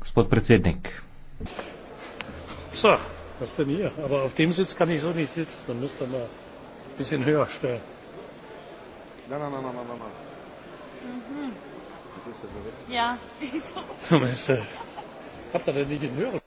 gospod predsednik so da ste mir aber auf dem sitz kann ich so nicht sitzen da müsste man ein bisschen höher stellen na na na na na na na mhm. ja so ist äh, habt ihr denn nicht einen höheren platz ich habe einen höheren platz